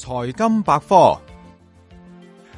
財金百科，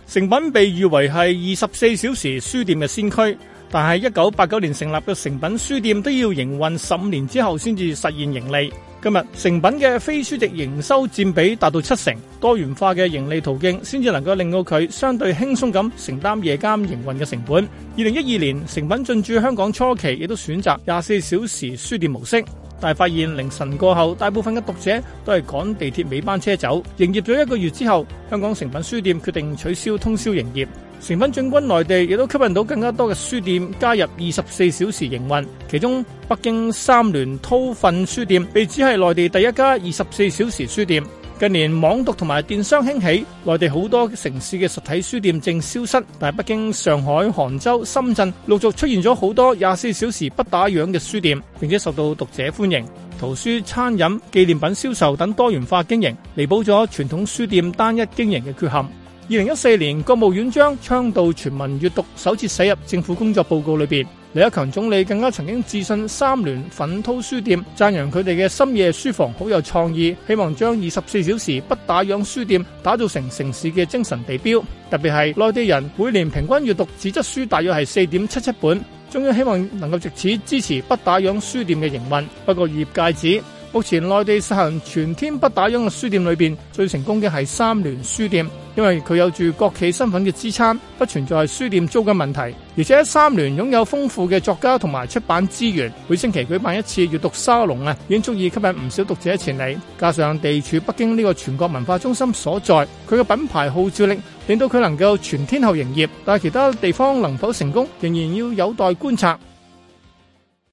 誠品被譽為係二十四小時書店嘅先驅，但係一九八九年成立嘅誠品書店都要營運十五年之後先至實現盈利。今日誠品嘅非書籍營收佔比達到七成，多元化嘅盈利途徑先至能夠令到佢相對輕鬆咁承擔夜間營運嘅成本。二零一二年，誠品進駐香港初期，亦都選擇二十四小時書店模式。但係發現凌晨過後，大部分嘅讀者都係趕地鐵尾班車走。營業咗一個月之後，香港誠品書店決定取消通宵營業。誠品進軍內地，亦都吸引到更加多嘅書店加入二十四小時營運。其中，北京三聯韜奮書店被指係內地第一家二十四小時書店。近年網讀同埋電商興起，內地好多城市嘅實體書店正消失，但係北京、上海、杭州、深圳陸續出現咗好多廿四小時不打烊嘅書店，並且受到讀者歡迎。圖書、餐飲、紀念品銷售等多元化經營，彌補咗傳統書店單一經營嘅缺陷。二零一四年，國務院將倡導全民閱讀首次寫入政府工作報告裏邊。李克強總理更加曾經致信三聯韜奮書店，讚揚佢哋嘅深夜書房好有創意，希望將二十四小時不打烊書店打造成城市嘅精神地標。特別係內地人每年平均閱讀紙質書大約係四點七七本，中央希望能夠借此支持不打烊書店嘅營運。不過，業界指目前內地實行全天不打烊嘅書店裏邊，最成功嘅係三聯書店。因為佢有住國企身份嘅支撐，不存在書店租金問題，而且三聯擁有豐富嘅作家同埋出版資源，每星期舉辦一次閱讀沙龍啊，已經足以吸引唔少讀者前嚟。加上地處北京呢個全國文化中心所在，佢嘅品牌號召力令到佢能夠全天候營業，但係其他地方能否成功，仍然要有待觀察。